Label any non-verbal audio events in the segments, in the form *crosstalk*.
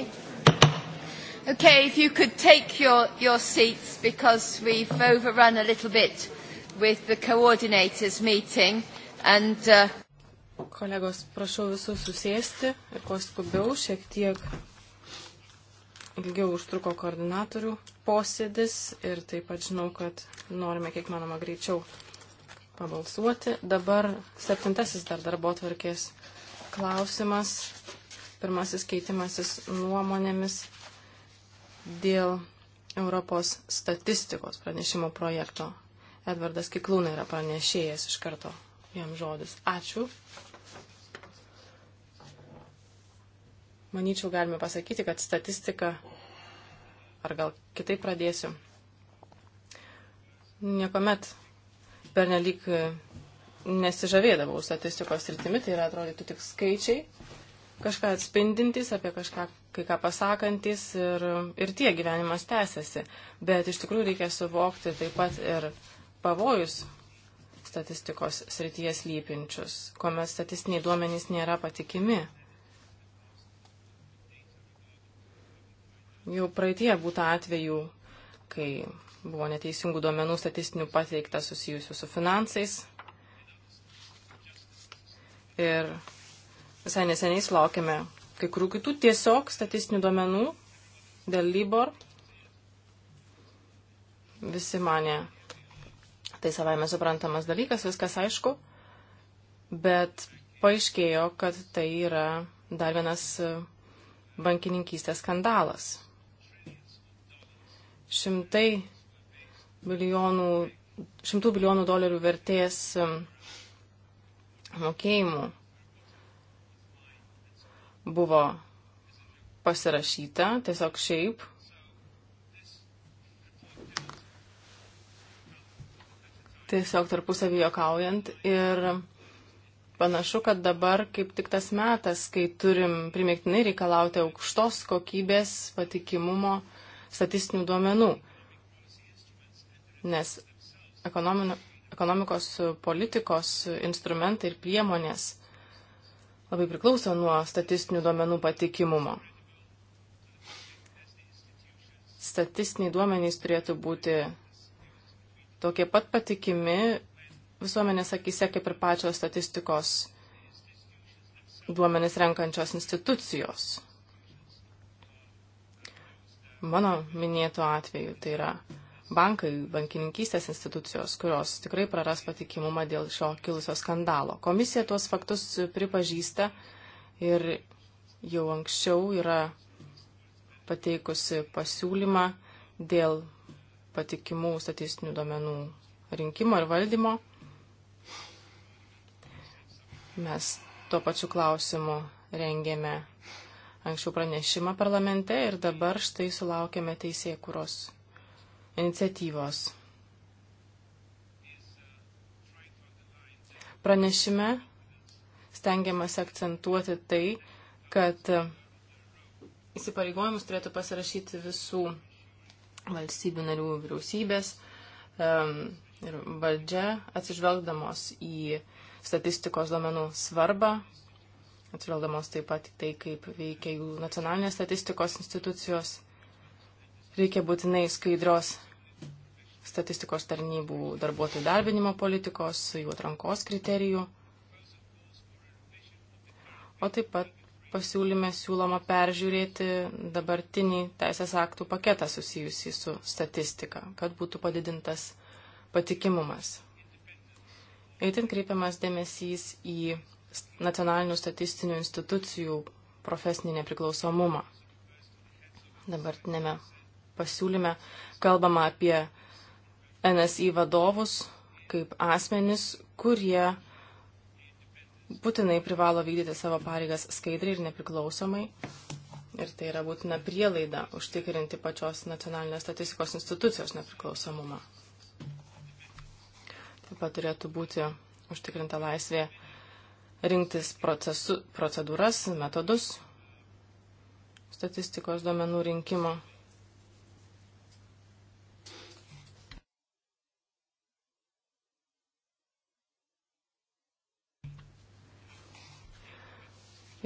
Okay. Okay, if you could take your, your seats because we've overrun a little bit with the coordinators meeting and... Uh... Kolegos, prašau visus susėsti ir kuo skubiau, šiek tiek ilgiau užtruko koordinatorių posėdis ir taip pat žinau, kad norime kiek manoma greičiau pabalsuoti. Dabar septintasis dar darbo tvarkės klausimas Pirmasis keitimasis nuomonėmis dėl Europos statistikos pranešimo projekto. Edvardas Kiklūna yra pranešėjas iš karto jam žodis. Ačiū. Manyčiau, galime pasakyti, kad statistika, ar gal kitaip pradėsiu, niekuomet pernelyg nesižavėdavau statistikos rytimi, tai yra atrodytų tik skaičiai, kažką atspindintys, apie kažką kai ką pasakantis ir, ir tie gyvenimas tęsiasi. Bet iš tikrųjų reikia suvokti taip pat ir pavojus statistikos srities lypinčius, kuomet statistiniai duomenys nėra patikimi. Jau praeitie būta atvejų, kai buvo neteisingų duomenų statistinių pateikta susijusių su finansais. Ir Visai neseniai sulaukėme kai kurių kitų tiesiog statistinių duomenų dėl Libor. Visi mane, tai savai mes suprantamas dalykas, viskas aišku, bet paaiškėjo, kad tai yra dar vienas e, bankininkystės skandalas. Šimtai milijonų, šimtų milijonų dolerių vertės e, mokėjimų buvo pasirašyta tiesiog šiaip. Tiesiog tarpusavį jokaujant ir panašu, kad dabar kaip tik tas metas, kai turim primiktinai reikalauti aukštos kokybės patikimumo statistinių duomenų. Nes ekonominio, ekonomikos politikos instrumentai ir priemonės labai priklauso nuo statistinių duomenų patikimumo. Statistiniai duomenys turėtų būti tokie pat patikimi visuomenės akise kaip ir pačios statistikos duomenis renkančios institucijos. Mano minėto atveju tai yra bankai, bankininkystės institucijos, kurios tikrai praras patikimumą dėl šio kilusio skandalo. Komisija tuos faktus pripažįsta ir jau anksčiau yra pateikusi pasiūlymą dėl patikimų statistinių duomenų rinkimo ir valdymo. Mes tuo pačiu klausimu rengėme anksčiau pranešimą parlamente ir dabar štai sulaukėme teisėkuros iniciatyvos. Pranešime stengiamasi akcentuoti tai, kad įsipareigojimus turėtų pasirašyti visų valstybių narių vyriausybės um, ir valdžia atsižvelgdamos į statistikos duomenų svarbą, atsižvelgdamos taip pat į tai, kaip veikia jų nacionalinės statistikos institucijos Reikia būtinai skaidros statistikos tarnybų darbuotojų darbinimo politikos, jų atrankos kriterijų. O taip pat pasiūlyme siūloma peržiūrėti dabartinį teisės aktų paketą susijusį su statistika, kad būtų padidintas patikimumas. Eitin kreipiamas dėmesys į nacionalinių statistinių institucijų profesinį nepriklausomumą. Dabartinėme pasiūlyme kalbama apie NSI vadovus kaip asmenis, kurie būtinai privalo vykdyti savo pareigas skaidriai ir nepriklausomai. Ir tai yra būtina prielaida užtikrinti pačios nacionalinės statistikos institucijos nepriklausomumą. Taip pat turėtų būti užtikrinta laisvė rinktis procesu, procedūras, metodus statistikos duomenų rinkimo.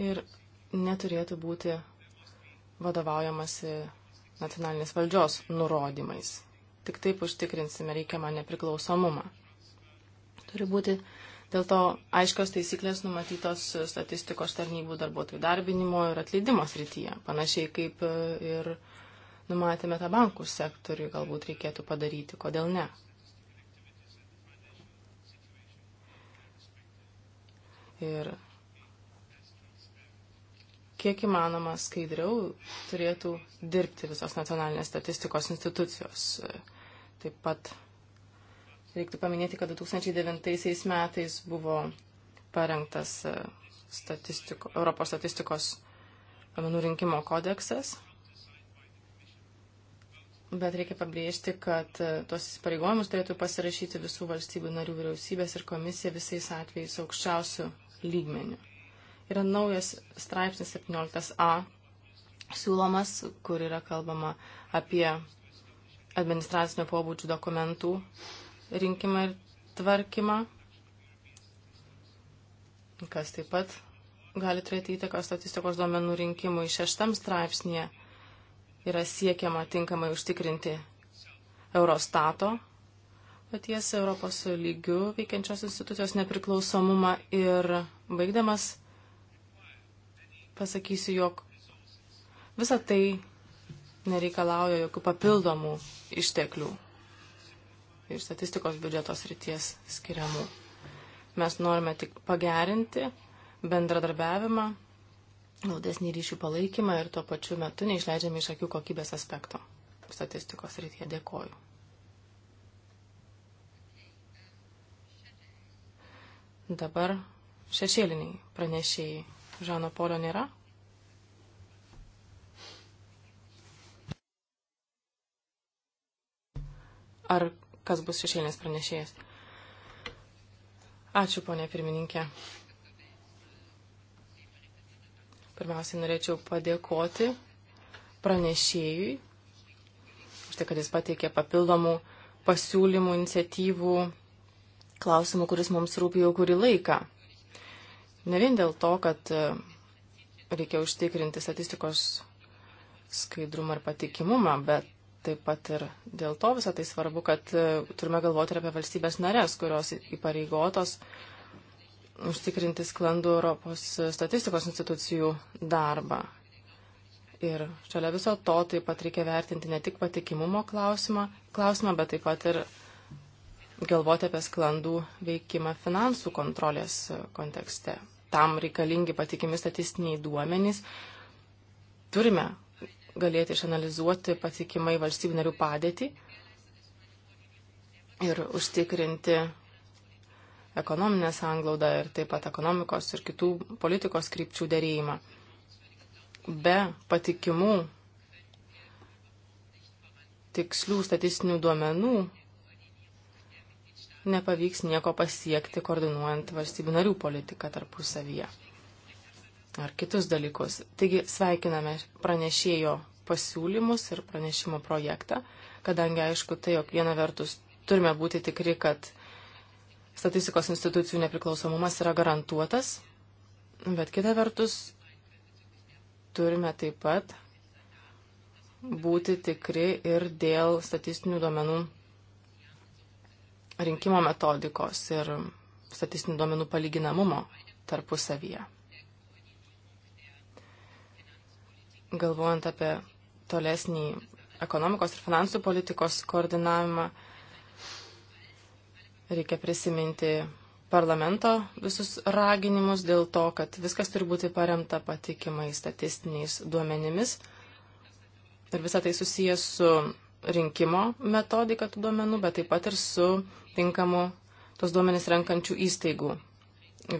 ir neturėtų būti vadovaujamasi nacionalinės valdžios nurodymais. Tik taip užtikrinsime reikiamą nepriklausomumą. Turi būti dėl to aiškios taisyklės numatytos statistikos tarnybų darbuotojų darbinimo ir atleidimo srityje, panašiai kaip e, ir numatėme tą bankų sektorių, galbūt reikėtų padaryti, kodėl ne. Ir kiek įmanoma skaidriau turėtų dirbti visos nacionalinės statistikos institucijos. Taip pat reiktų paminėti, kad 2009 metais buvo parengtas e, statistiko, Europos statistikos duomenų rinkimo kodeksas. Bet reikia pabrėžti, kad e, tos įsipareigojimus turėtų pasirašyti visų valstybių narių vyriausybės ir komisija visais atvejais aukščiausių lygmenių yra naujas straipsnis 17a siūlomas, kur yra kalbama apie administracinio pobūdžio dokumentų rinkimą ir tvarkymą, kas taip pat gali turėti įtakos statistikos duomenų rinkimui. Šeštam straipsnėje yra siekiama tinkamai užtikrinti Eurostato paties Europos lygių veikiančios institucijos nepriklausomumą ir baigdamas pasakysiu, jog visa tai nereikalauja jokių papildomų išteklių ir statistikos biudžetos ryties skiriamų. Mes norime tik pagerinti bendradarbiavimą, glaudesnį ryšių palaikymą ir tuo pačiu metu neišleidžiame iš akių kokybės aspekto statistikos rytyje. Dėkoju. Dabar šešėliniai pranešėjai. Žano Polio nėra. Ar kas bus šešėlės pranešėjas? Ačiū, ponė pirmininkė. Pirmiausiai norėčiau padėkoti pranešėjui už tai, kad jis pateikė papildomų pasiūlymų, iniciatyvų, klausimų, kuris mums rūpi jau kurį laiką. Ne vien dėl to, kad e, reikia užtikrinti statistikos skaidrumą ir patikimumą, bet taip pat ir dėl to visą tai svarbu, kad e, turime galvoti ir apie valstybės narės, kurios įpareigotos užtikrinti sklandų Europos statistikos institucijų darbą. Ir šalia viso to taip pat reikia vertinti ne tik patikimumo klausimą, klausimą bet taip pat ir galvoti apie sklandų veikimą finansų kontrolės kontekste tam reikalingi patikimi statistiniai duomenys. Turime galėti išanalizuoti patikimai valstybių narių padėtį ir užtikrinti ekonominę sanglaudą ir taip pat ekonomikos ir kitų politikos krypčių dėrėjimą. Be patikimų tikslių statistinių duomenų nepavyks nieko pasiekti, koordinuojant valstybių narių politiką tarpusavyje. Ar kitus dalykus. Taigi sveikiname pranešėjo pasiūlymus ir pranešimo projektą, kadangi aišku tai, jog viena vertus turime būti tikri, kad statistikos institucijų nepriklausomumas yra garantuotas, bet kita vertus turime taip pat būti tikri ir dėl statistinių duomenų rinkimo metodikos ir statistinių duomenų palyginamumo tarpusavyje. Galvojant apie tolesnį ekonomikos ir finansų politikos koordinavimą, reikia prisiminti parlamento visus raginimus dėl to, kad viskas turi būti paremta patikimais statistiniais duomenimis. Ir visą tai susijęs su rinkimo metodika tų duomenų, bet taip pat ir su tinkamu tos duomenys renkančių įstaigų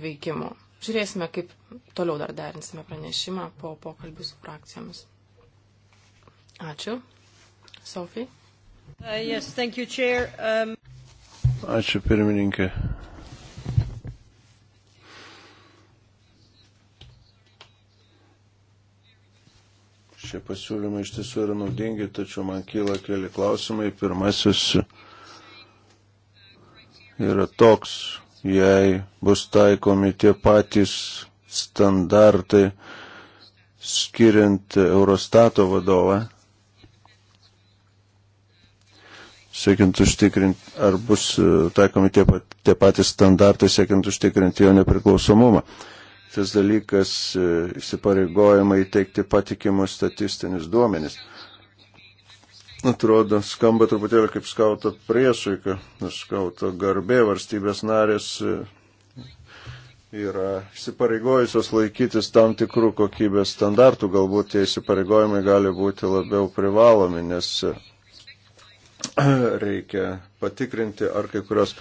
veikimu. Žiūrėsime, kaip toliau dar derinsime pranešimą po pokalbių su frakcijomis. Ačiū. Sofija. Uh, yes, thank you, Chair. Um... Ačiū pirmininkė. Šie pasiūlymai iš tiesų yra naudingi, tačiau man kyla keli klausimai. Pirmasis yra toks, jei bus taikomi tie patys standartai skiriant Eurostato vadovą, siekiant užtikrinti, ar bus taikomi tie, pat, tie patys standartai, siekiant užtikrinti jo nepriklausomumą. Uh, Kitas dalykas e, - įsipareigojimai teikti patikimus statistinius duomenis. Atrodo, skamba truputėlį kaip skauto priesaika, skauto garbė varstybės narės e, yra įsipareigojusios laikytis tam tikrų kokybės standartų, galbūt tie įsipareigojimai gali būti labiau privalomi, nes e, reikia patikrinti, ar kai kurios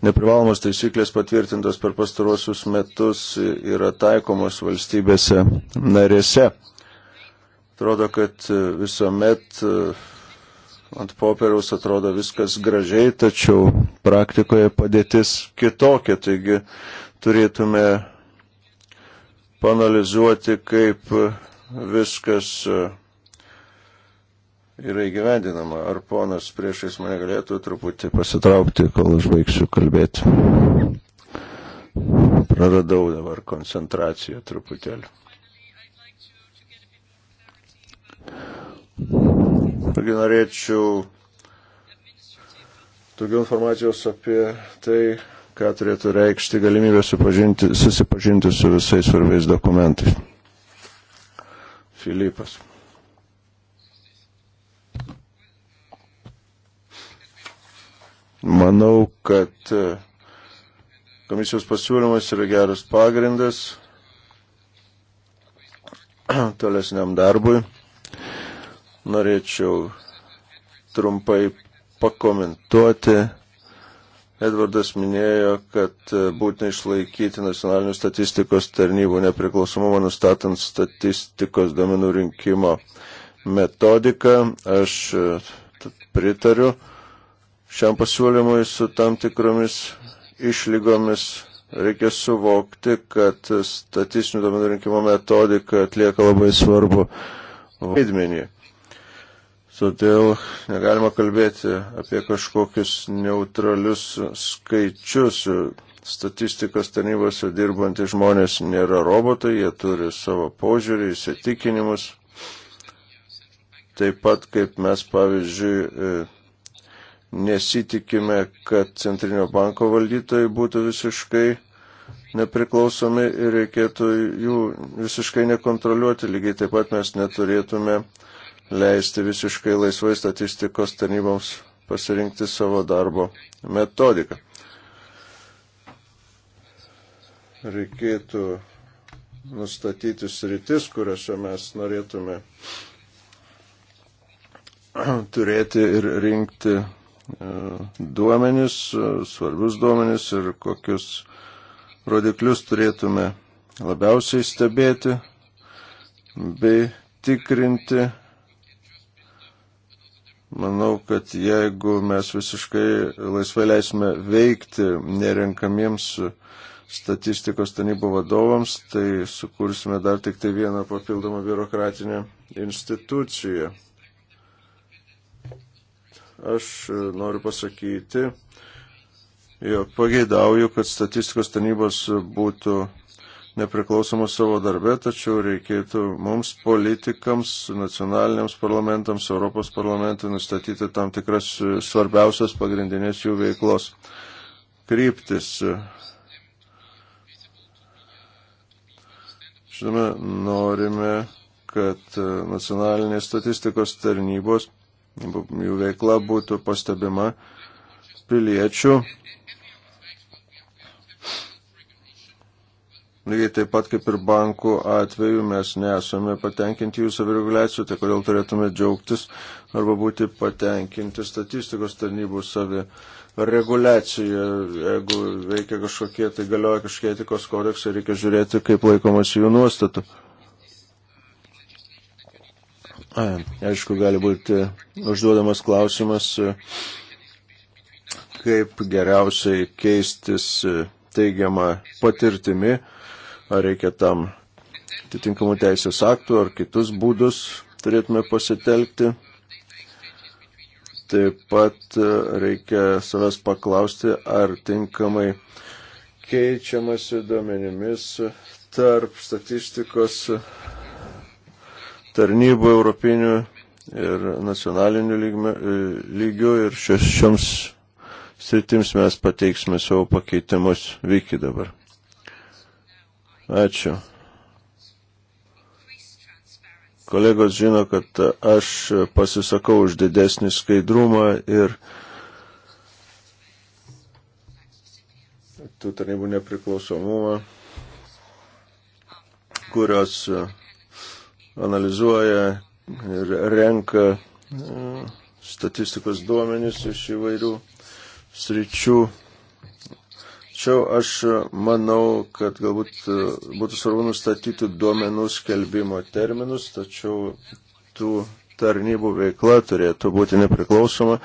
Neprivalomos taisyklės patvirtintos per pastaruosius metus yra taikomos valstybėse narėse. Atrodo, kad visuomet e, ant popieriaus atrodo viskas gražiai, tačiau praktikoje padėtis kitokia, taigi turėtume panalizuoti, kaip viskas e, yra įgyvendinama. Ar ponas priešais mane galėtų truputį pasitraukti, kol aš baigsiu kalbėti? Praradau dabar koncentraciją truputėlį. Taigi norėčiau daugiau informacijos apie tai, ką turėtų reikšti galimybę susipažinti su visais svarbiais dokumentais. Filipas. Manau, kad e, komisijos pasiūlymas yra geras pagrindas *clears throat* tolesniam darbui. Norėčiau trumpai pakomentuoti. Edvardas minėjo, kad e, būtina išlaikyti nacionalinių statistikos tarnybų nepriklausomumą nustatant statistikos domenų rinkimo metodiką. Aš e, pritariu šiam pasiūlymui su tam tikromis išlygomis. Reikia suvokti, kad statistinių duomenų rinkimo metodika atlieka labai svarbu vaidmenį. Todėl negalima kalbėti apie kažkokius neutralius skaičius. Statistikos tarnybose dirbantys žmonės nėra robotai, jie turi savo požiūrį, įsitikinimus. Taip pat kaip mes, pavyzdžiui, nesitikime, kad centrinio banko valdytojai būtų visiškai nepriklausomi ir reikėtų jų visiškai nekontroliuoti. Lygiai taip pat mes neturėtume leisti visiškai laisvai statistikos tarnyboms pasirinkti savo darbo metodiką. Reikėtų nustatyti sritis, kuriuose mes norėtume *clears throat* turėti ir rinkti E, duomenis, e, svarbius duomenis ir kokius rodiklius turėtume labiausiai stebėti bei tikrinti. Manau, kad jeigu mes visiškai laisvai leisime veikti nerenkamiems statistikos tarnybų vadovams, tai sukursime dar tik tai vieną papildomą biurokratinę instituciją. Aš e, noriu pasakyti, jog pageidauju, kad statistikos tarnybos būtų nepriklausomos savo darbe, tačiau reikėtų mums politikams, nacionaliniams parlamentams, Europos parlamentui nustatyti tam tikras e, svarbiausias pagrindinės jų veiklos kryptis. Žinome, norime, kad e, nacionalinės statistikos tarnybos jų veikla būtų pastebima piliečių. Lygiai taip pat kaip ir bankų atveju mes nesame patenkinti jų savireguliacijų, tai kodėl turėtume džiaugtis arba būti patenkinti statistikos tarnybų savireguliacija. Jeigu veikia kažkokie, tai galioja kažkokie etikos kodeksai, reikia žiūrėti, kaip laikomas jų nuostatų. Aišku, gali būti užduodamas klausimas, kaip geriausiai keistis teigiamą patirtimi, ar reikia tam atitinkamų teisės aktų ar kitus būdus turėtume pasitelkti. Taip pat reikia savęs paklausti, ar tinkamai keičiamasi duomenimis tarp statistikos tarnybų europinių ir nacionalinių e, lygių ir šioms sritims mes pateiksime savo pakeitimus vykį dabar. Ačiū. Kolegos žino, kad aš pasisakau už didesnį skaidrumą ir tų tarnybų nepriklausomumą, kurios analizuoja ir renka e, statistikos duomenys iš įvairių sričių. Tačiau aš manau, kad galbūt e, būtų svarbu nustatyti duomenų skelbimo terminus, tačiau tų tarnybų veikla turėtų būti nepriklausoma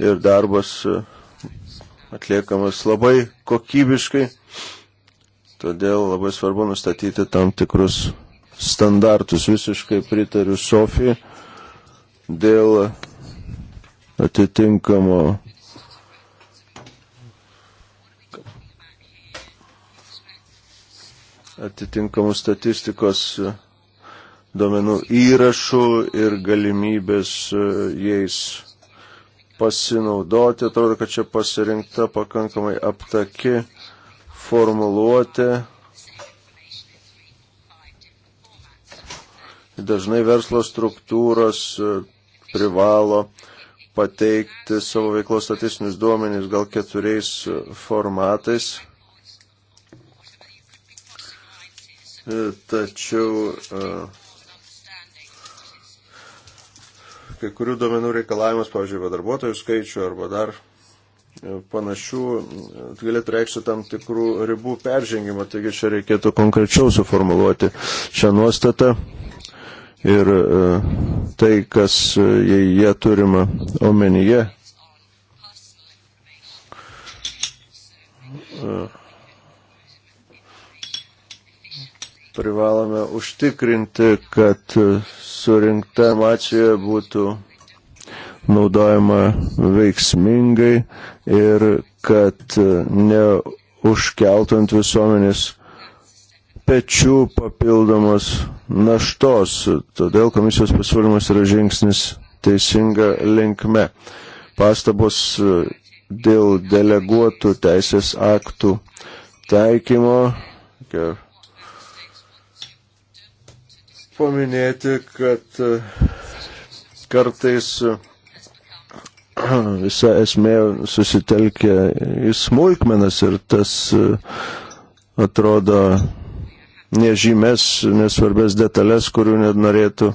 ir darbas e, atliekamas labai kokybiškai. Todėl labai svarbu nustatyti tam tikrus standartus. Visiškai pritariu Sofijai dėl atitinkamo atitinkamų statistikos e, duomenų įrašų ir galimybės e, jais pasinaudoti. Atrodo, kad čia pasirinkta pakankamai aptaki formuluotė Dažnai verslo struktūros e, privalo pateikti savo veiklos statistinius duomenys gal keturiais e, formatais. E, tačiau kai kurių duomenų reikalavimas, pavyzdžiui, darbuotojų skaičių arba dar panašių, galėtų reikšti tam tikrų ribų peržengimą, taigi čia reikėtų konkrečiau suformuluoti šią nuostatą ir e, tai, kas jei jie turima omenyje. E, privalome užtikrinti, kad surinkta mačija būtų naudojama veiksmingai ir kad e, neužkeltų ant visuomenės pečių papildomos naštos. Todėl komisijos pasiūlymas yra žingsnis teisinga linkme. Pastabos e, dėl deleguotų teisės aktų taikymo. Paminėti, kad e, kartais e, *clears throat* visa esmė susitelkia į smulkmenas ir tas atrodo nežymės, nesvarbės detalės, kurių net norėtų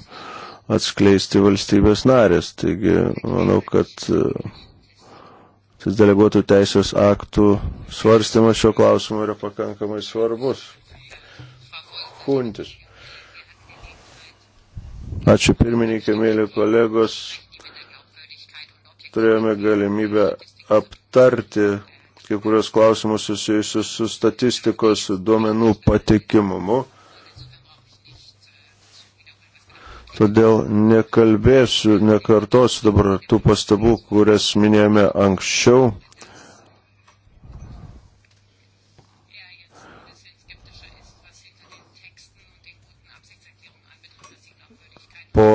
atskleisti valstybės narės. Taigi, manau, kad e, tas deleguotų teisės aktų svarstymas šio klausimo yra pakankamai svarbus. Huntis. Ačiū pirmininkė, mėly kolegos. Turėjome galimybę aptarti kai kurios klausimus susijusius su statistikos duomenų patikimumu. Todėl nekalbėsiu, nekartosiu dabar tų pastabų, kurias minėjome anksčiau. Po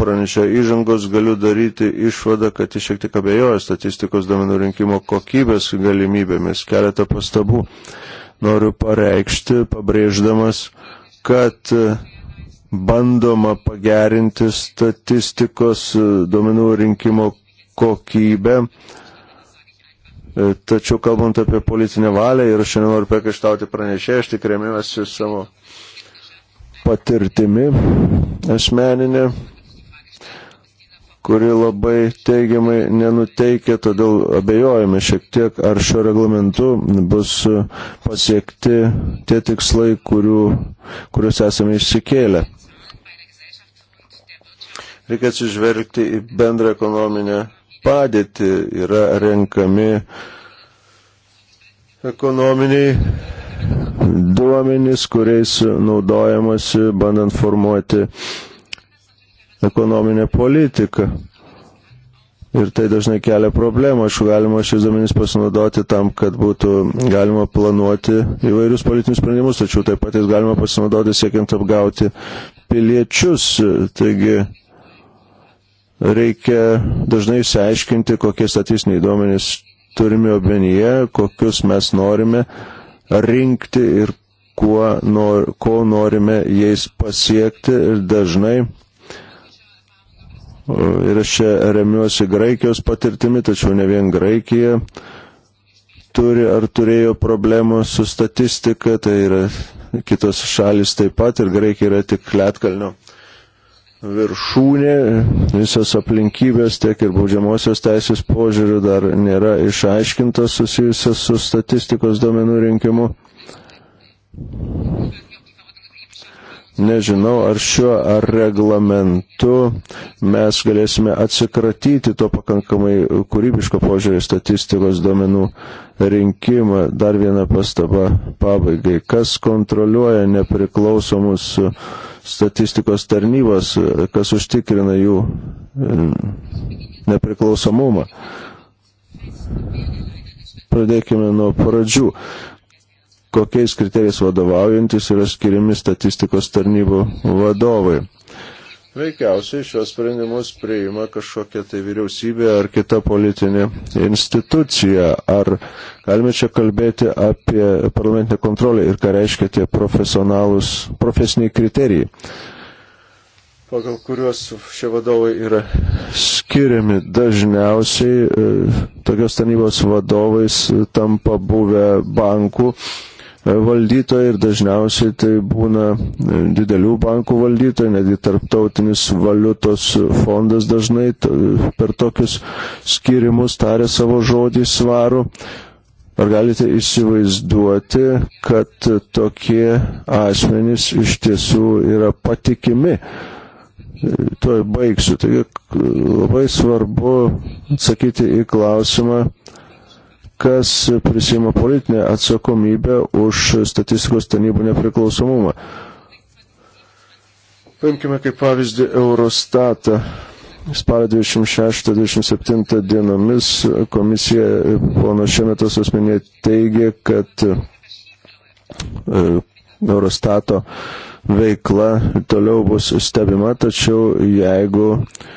pranešio įžangos galiu daryti išvadą, kad jis šiek tiek abejoja statistikos domenų rinkimo kokybės galimybėmis. Keletą pastabų noriu pareikšti, pabrėždamas, kad e, bandoma pagerinti statistikos e, domenų rinkimo kokybę. E, tačiau kalbant apie politinę valią ir aš nenoriu pekaištauti pranešėjai, aš tik remiuosi savo patirtimi asmeninė kuri labai teigiamai nenuteikia, todėl abejojame šiek tiek, ar šio reglamentu bus pasiekti tie tikslai, kurių, kuriuos esame išsikėlę. Reikia atsižvelgti į bendrą ekonominę padėtį, yra renkami ekonominiai duomenys, kuriais naudojamasi, bandant formuoti uh, ekonominė politika. Ir tai dažnai kelia problemą. Aišku, galima šis duomenys pasinaudoti tam, kad būtų galima planuoti įvairius politinius sprendimus, tačiau taip pat jis galima pasinaudoti siekiant apgauti piliečius. Taigi reikia dažnai išsiaiškinti, kokie statistiniai duomenys turime omenyje, kokius mes norime rinkti ir kuo, nor, ko norime jais pasiekti. Ir dažnai E, ir aš čia remiuosi Graikijos patirtimi, tačiau ne vien Graikija turi ar turėjo problemų su statistika, tai yra kitos šalis taip pat ir Graikija yra tik Lietkalnio viršūnė, visos aplinkybės tiek ir baudžiamosios teisės požiūrių dar nėra išaiškintos susijusios su statistikos duomenų rinkimu. Nežinau, ar šiuo ar reglamentu mes galėsime atsikratyti to pakankamai kūrybiško požiūrį statistikos duomenų rinkimą. Dar viena pastaba pabaigai. Kas kontroliuoja nepriklausomus statistikos tarnybas, kas užtikrina jų e, nepriklausomumą? Pradėkime nuo pradžių kokiais kriterijais vadovaujantis yra skiriami statistikos tarnybų vadovai. Veikiausiai šios sprendimus priima kažkokia tai vyriausybė ar kita politinė institucija. Ar galime čia kalbėti apie parlamentinę kontrolę ir ką reiškia tie profesiniai kriterijai, pagal kuriuos šie vadovai yra skiriami. Dažniausiai e, tokios tarnybos vadovais tampa buvę bankų valdytojai ir dažniausiai tai būna e, didelių bankų valdytojai, netgi tarptautinis valiutos fondas dažnai per tokius skirimus tarė savo žodį svarų. Ar galite įsivaizduoti, kad tokie asmenys iš tiesų yra patikimi? E, tuo baigsiu. Taigi labai svarbu atsakyti į klausimą, kas prisima politinę atsakomybę už statistikos tarnybų nepriklausomumą. Paimkime kaip pavyzdį Eurostatą. Spalio 26-27 dienomis komisija pono Šemetos asmenė teigė, kad e, Eurostato veikla toliau bus stebima, tačiau jeigu uh,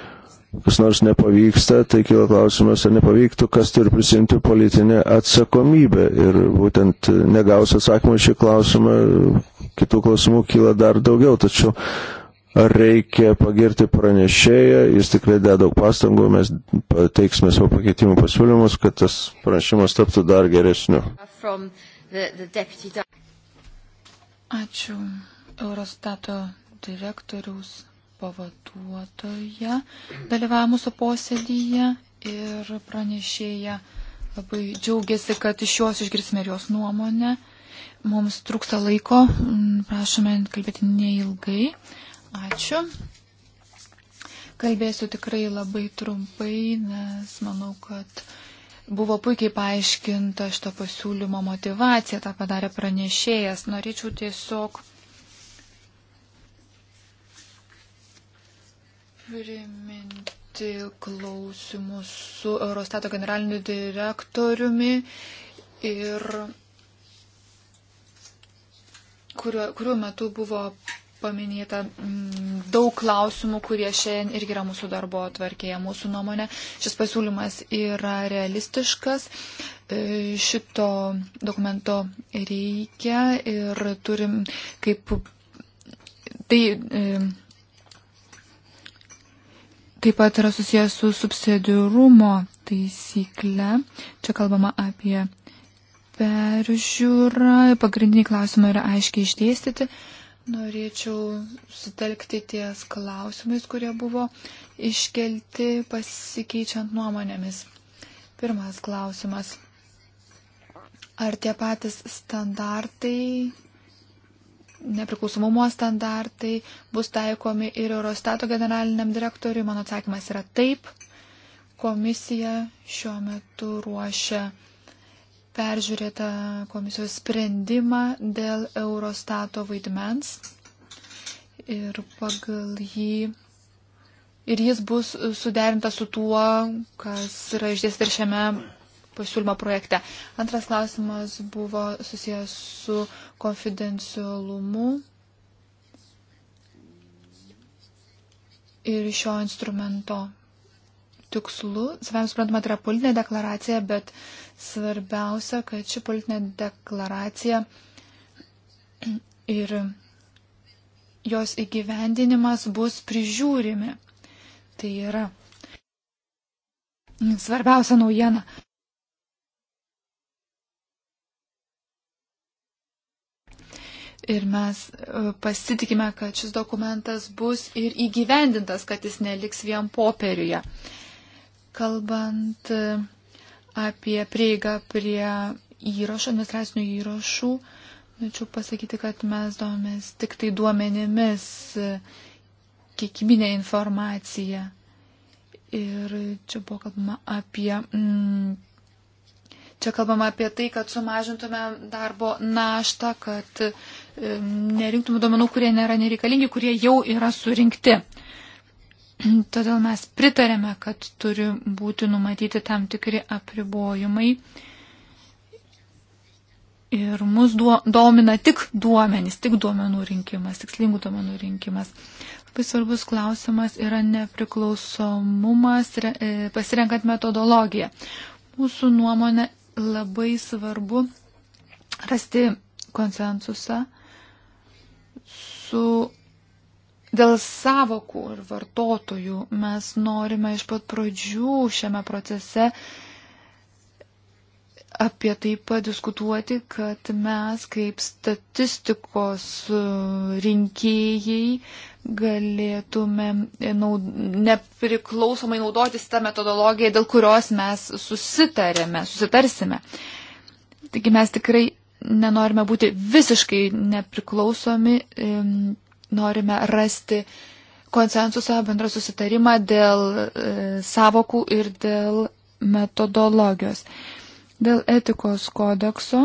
kas nors nepavyksta, tai kilo klausimas, ar nepavyktų, kas turi prisimti politinę atsakomybę. Ir būtent negaus atsakymą šį klausimą, kitų klausimų kyla dar daugiau, tačiau ar reikia pagirti pranešėją, jis tikrai deda daug pastangų, mes pateiksime savo pakeitimų pasiūlymus, kad tas pranešimas taptų dar geresniu. Ačiū Eurostato direktoriaus pavaduotoja dalyvavo mūsų posėdyje ir pranešėja labai džiaugiasi, kad iš jos išgirsime ir jos nuomonę. Mums trūksta laiko, prašome kalbėti neilgai. Ačiū. Kalbėsiu tikrai labai trumpai, nes manau, kad buvo puikiai paaiškinta šito pasiūlymo motivacija, tą padarė pranešėjas. Norėčiau tiesiog priminti klausimus su Eurostato generaliniu direktoriumi ir kurio, kuriuo metu buvo paminėta mm, daug klausimų, kurie šiandien irgi yra mūsų darbo atvarkėje. Mūsų nuomonė, šis pasiūlymas yra realistiškas, e, šito dokumento reikia ir turim kaip. Tai e, taip pat yra susijęs su subsidiarumo taisykle. Čia kalbama apie peržiūrą. Pagrindiniai klausimai yra aiškiai išdėstyti. Norėčiau sutelkti ties klausimais, kurie buvo iškelti pasikeičiant nuomonėmis. Pirmas klausimas. Ar tie patys standartai nepriklausomumo standartai bus taikomi ir Eurostato generaliniam direktoriui? Mano atsakymas yra taip. Komisija šiuo metu ruošia peržiūrėtą komisijos sprendimą dėl Eurostato vaidmens ir pagal jį. Ir jis bus suderintas su tuo, kas yra išdėstyta ir šiame pasiūlymo projekte. Antras klausimas buvo susijęs su konfidencialumu ir šio instrumento tikslu. Savai suprantama, tai yra politinė deklaracija, bet svarbiausia, kad ši politinė deklaracija ir jos įgyvendinimas bus prižiūrimi. Tai yra svarbiausia naujiena. Ir mes e, pasitikime, kad šis dokumentas bus ir įgyvendintas, kad jis neliks vien popieriuje. Kalbant e, apie prieigą prie įrašų, administracinių įrašų, norėčiau pasakyti, kad mes domės tik tai duomenimis, e, kiekybinė informacija. Ir čia buvo kalbama apie. Mm, Čia kalbama apie tai, kad sumažintume darbo naštą, kad nerinktume duomenų, kurie nėra nereikalingi, kurie jau yra surinkti. Todėl mes pritarėme, kad turi būti numatyti tam tikri apribojimai. Ir mus duo, domina tik duomenys, tik duomenų rinkimas, tikslingų duomenų rinkimas. Labai svarbus klausimas yra nepriklausomumas e, pasirenkant metodologiją. Mūsų nuomonė labai svarbu rasti konsensusą su dėl savokų ir vartotojų. Mes norime iš pat pradžių šiame procese apie tai padiskutuoti, kad mes kaip statistikos rinkėjai galėtume naud... nepriklausomai naudotis tą metodologiją, dėl kurios mes susitarėme, susitarsime. Taigi mes tikrai nenorime būti visiškai nepriklausomi, norime rasti konsensusą, bendrą susitarimą dėl e, savokų ir dėl metodologijos. Dėl etikos kodekso,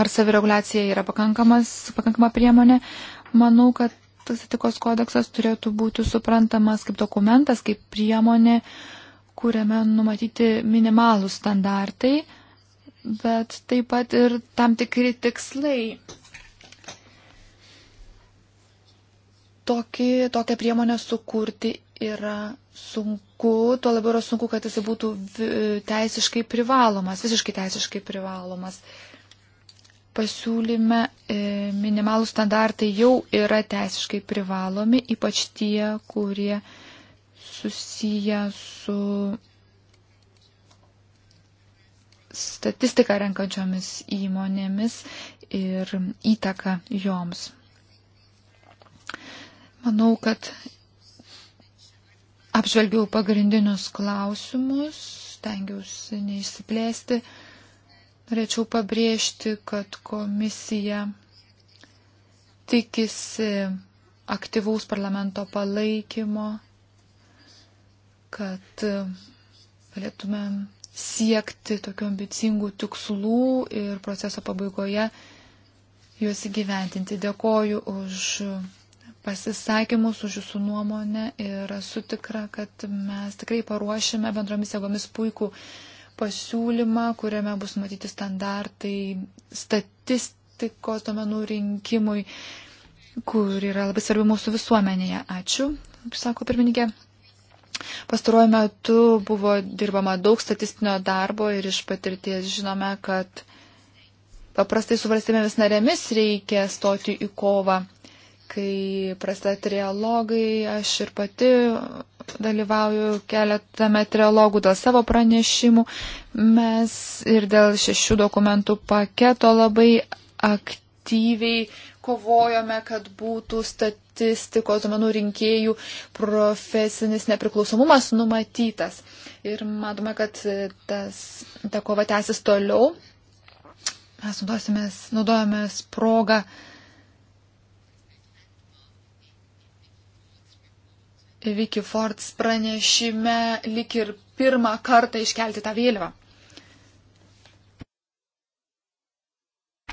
ar savireguliacija yra pakankama priemonė, manau, kad tas etikos kodeksas turėtų būti suprantamas kaip dokumentas, kaip priemonė, kuriame numatyti minimalų standartai bet taip pat ir tam tikri tikslai. Tokį, tokią priemonę sukurti yra sunku, tuo labiau yra sunku, kad jis būtų teisiškai privalomas, visiškai teisiškai privalomas. Pasiūlyme e, minimalų standartai jau yra teisiškai privalomi, ypač tie, kurie susiję su statistiką renkančiomis įmonėmis ir įtaką joms. Manau, kad apžvelgiau pagrindinius klausimus, tengiausi neišsiplėsti. Norėčiau pabrėžti, kad komisija tikisi aktyvaus parlamento palaikymo, kad galėtumėm siekti tokių ambicingų tikslų ir proceso pabaigoje juos įgyventinti. Dėkoju už pasisakymus, už jūsų nuomonę ir esu tikra, kad mes tikrai paruošime bendromis jėgomis puikų pasiūlymą, kuriame bus matyti standartai statistikos domenų rinkimui, kur yra labai svarbi mūsų visuomenėje. Ačiū, sako pirmininkė. Pastaruoju metu buvo dirbama daug statistinio darbo ir iš patirties žinome, kad paprastai su valstybėmis narėmis reikia stoti į kovą. Kai prasideda trialogai, aš ir pati dalyvauju keletame trialogų dėl savo pranešimų. Mes ir dėl šešių dokumentų paketo labai aktyviai kovojome, kad būtų statistikos duomenų rinkėjų profesinis nepriklausomumas numatytas. Ir matome, kad tas, ta kova tęsis toliau. Mes naudojame progą. Vicky Fords pranešime lik ir pirmą kartą iškelti tą vėliavą.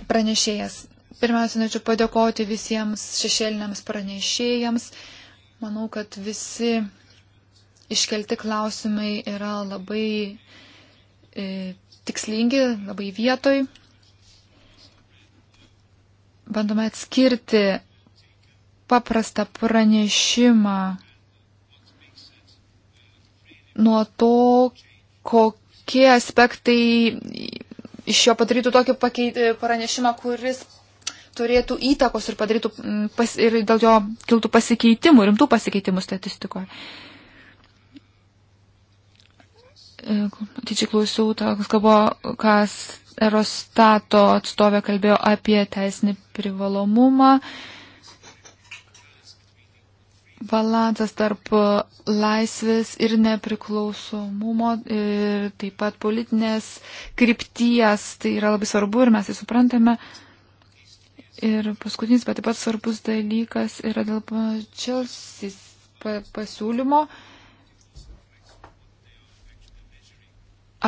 Pranešėjas pirmiausia, norėčiau padėkoti visiems šešėliniams pranešėjams. Manau, kad visi iškelti klausimai yra labai e, tikslingi, labai vietoj. Bandome atskirti paprastą pranešimą nuo to, kokie aspektai iš jo padarytų tokį pakeit, pranešimą, kuris turėtų įtakos ir, padarytų, mm, pas, ir dėl jo kiltų pasikeitimų, rimtų pasikeitimų statistikoje. Tyčiai klausiau, toks kabo, kas Erostato atstovė kalbėjo apie teisinį privalomumą, balansas tarp laisvės ir nepriklausomumo ir taip pat politinės krypties, tai yra labai svarbu ir mes tai suprantame. Uh, Ir paskutinis, bet taip pat svarbus dalykas yra dėl pačios pasiūlymo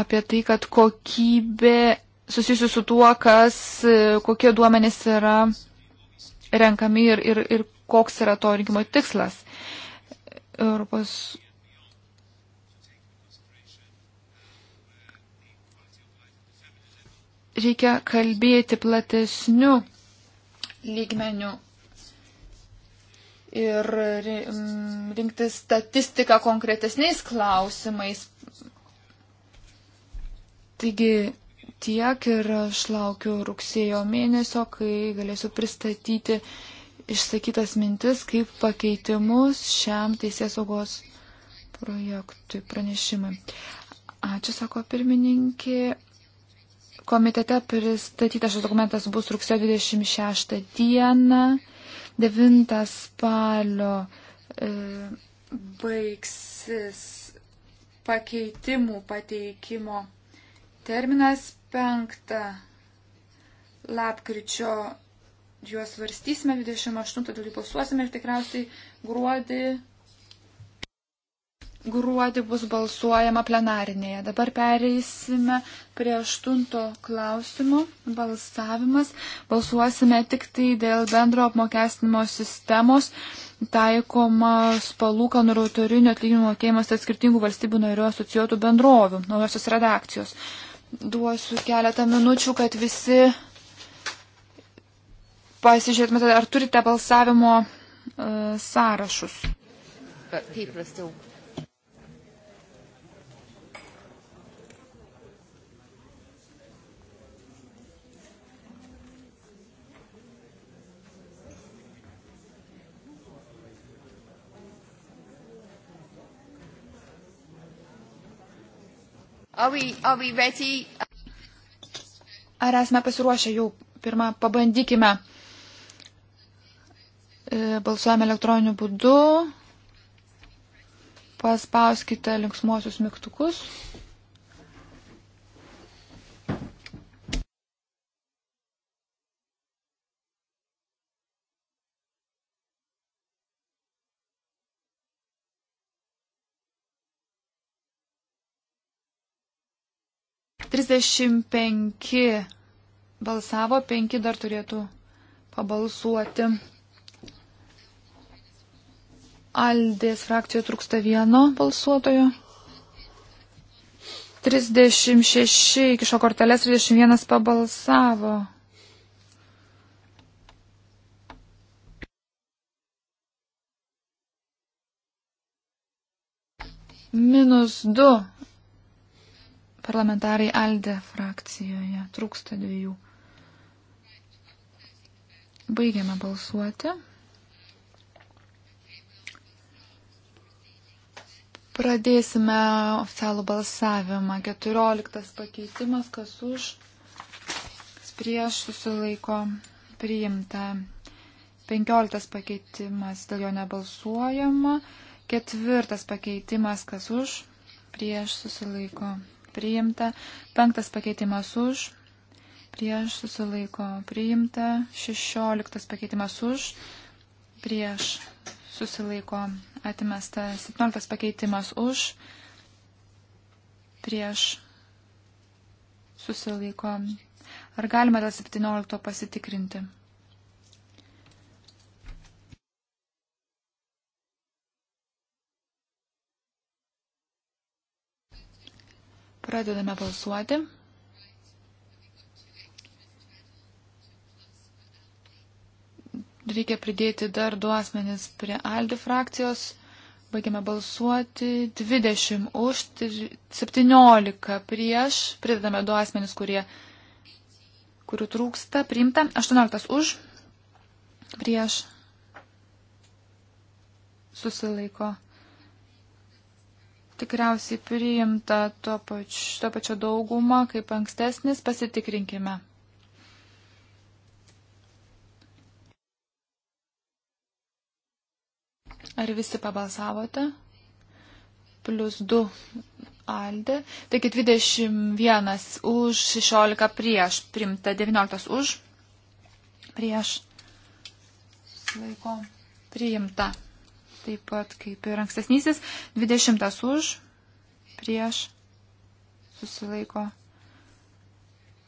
apie tai, kad kokybė susijusi su tuo, kas, kokie duomenys yra renkami ir, ir, ir koks yra to rinkimo tikslas. Europos reikia kalbėti platesniu lygmenių ir rinkti statistiką konkretesniais klausimais. Taigi tiek ir aš laukiu rugsėjo mėnesio, kai galėsiu pristatyti išsakytas mintis, kaip pakeitimus šiam teisės saugos projektui pranešimui. Ačiū, sako pirmininkė. Komitete pristatytas šis dokumentas bus rugsėjo 26 dieną, 9 spalio e, baigsis pakeitimų pateikimo terminas, 5 lapkričio juos varstysime, 28 dėl jų balsuosime ir tikriausiai gruodį gruodį bus balsuojama plenarinėje. Dabar pereisime prie aštunto klausimo. Balsavimas. Balsuosime tik tai dėl bendro apmokestinimo sistemos taikomas palūkanų ir autorinių atlyginimų mokėjimas tarp skirtingų valstybių narių asociuotų bendrovių, naujosios redakcijos. Duosiu keletą minučių, kad visi pasižiūrėtumėte, ar turite balsavimo uh, sąrašus. But people are still Are we, are we ready? Ar esame pasiruošę jau? Pirmą, pabandykime. E, balsuojame elektroniniu būdu. Paspauskite linksmuosius mygtukus. 35 balsavo, 5 dar turėtų pabalsuoti. Aldės frakcijoje trūksta vieno balsuotojo. 36 iki šio kortelės, 31 pabalsavo. Minus 2 parlamentarai Alde frakcijoje. Trūksta dviejų. Baigiame balsuoti. Pradėsime oficialų balsavimą. 14 pakeitimas, kas už, kas prieš susilaiko priimta. 15 pakeitimas, dėl jo nebalsuojama. Ketvirtas pakeitimas, kas už, prieš susilaiko priimta, penktas pakeitimas už, prieš susilaiko priimta, šešioliktas pakeitimas už, prieš susilaiko atmesta, septynioliktas pakeitimas už, prieš susilaiko. Ar galima dėl septyniolikto pasitikrinti? Pradedame balsuoti. Reikia pridėti dar du asmenys prie Aldi frakcijos. Baigiame balsuoti 20 už, 17 prieš. Pridedame du asmenys, kurie, kurių trūksta. Priimta 18 už, prieš. Susilaiko tikriausiai priimta to, pač, to pačio daugumą kaip ankstesnis, pasitikrinkime. Ar visi pabalsavote? Plus 2 Alde. Taigi 21 už 16 prieš. Primta 19 už. Prieš. Laiko. Priimta taip pat kaip ir ankstesnysis. 20 už, prieš, susilaiko,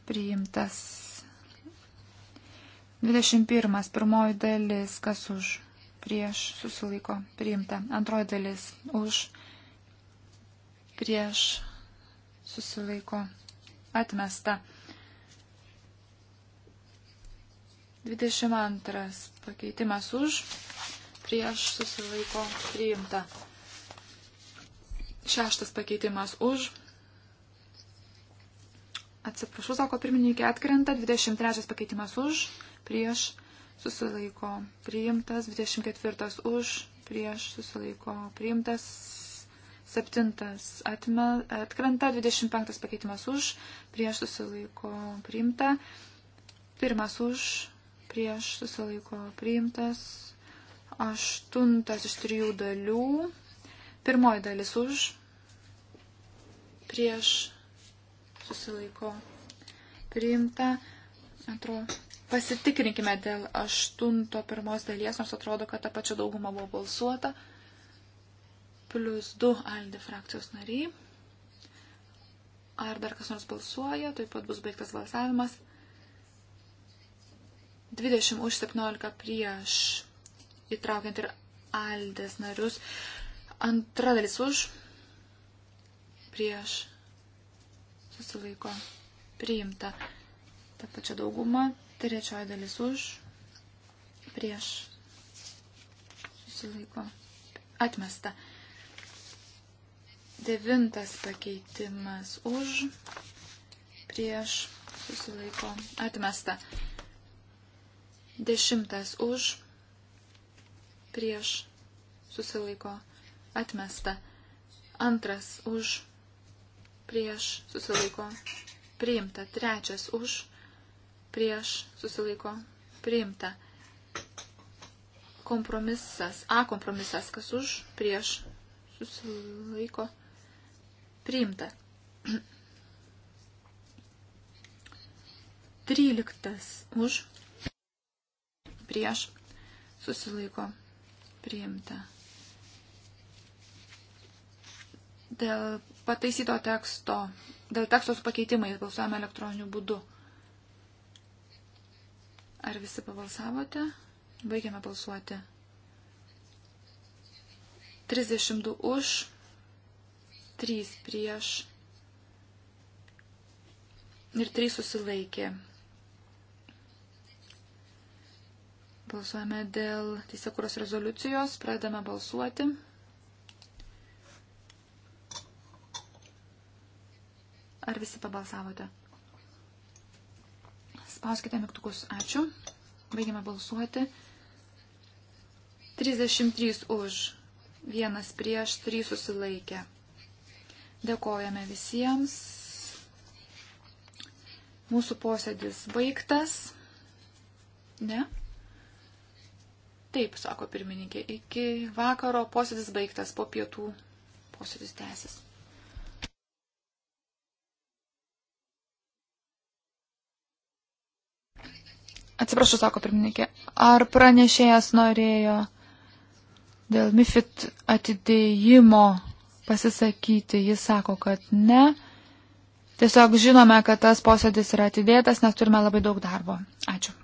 priimtas. 21. Pirmoji dalis, kas už, prieš, susilaiko, priimta. Antroji dalis, už, prieš, susilaiko, atmesta. 22 pakeitimas už, prieš susilaiko priimta. Šeštas pakeitimas už. Atsiprašau, sako pirmininkė, atkrenta. 23 pakeitimas už, prieš susilaiko priimtas. 24 už, prieš susilaiko priimtas. 7 atme, atkrenta. 25 pakeitimas už, prieš susilaiko priimta. Pirmas už, prieš susilaiko priimtas aštuntas iš trijų dalių. Pirmoji dalis už, prieš susilaiko priimta. Atrodo, pasitikrinkime dėl aštunto pirmos dalies, nors atrodo, kad ta pačia dauguma buvo balsuota. Plius du Aldi frakcijos nariai. Ar dar kas nors balsuoja, taip pat bus baigtas balsavimas. 20 už 17 prieš įtraukiant ir Aldės narius. Antra dalis už, prieš, susilaiko, priimta. Ta pačia dauguma. Trečioji dalis už, prieš, susilaiko, atmesta. Devintas pakeitimas už, prieš, susilaiko, atmesta. Dešimtas už, prieš susilaiko atmesta. Antras už prieš susilaiko priimta. Trečias už prieš susilaiko priimta. Kompromisas. A kompromisas, kas už prieš susilaiko priimta. Tryliktas už prieš susilaiko priimta priimta. Dėl pataisyto teksto, dėl teksto su pakeitimais balsuojame elektroniniu būdu. Ar visi pabalsavote? Baigiame balsuoti. 32 už, 3 prieš ir 3 susilaikė. Balsuojame dėl teisėkūros rezoliucijos, pradame balsuoti. Ar visi pabalsavote? Spauskite mygtukus. Ačiū. Baigiame balsuoti. 33 už, vienas prieš, 3 susilaikė. Dėkojame visiems. Mūsų posėdis baigtas. Ne? Taip, sako pirmininkė, iki vakaro posėdis baigtas, po pietų posėdis tęsis. Atsiprašau, sako pirmininkė, ar pranešėjas norėjo dėl MIFID atidėjimo pasisakyti? Jis sako, kad ne. Tiesiog žinome, kad tas posėdis yra atidėtas, nes turime labai daug darbo. Ačiū.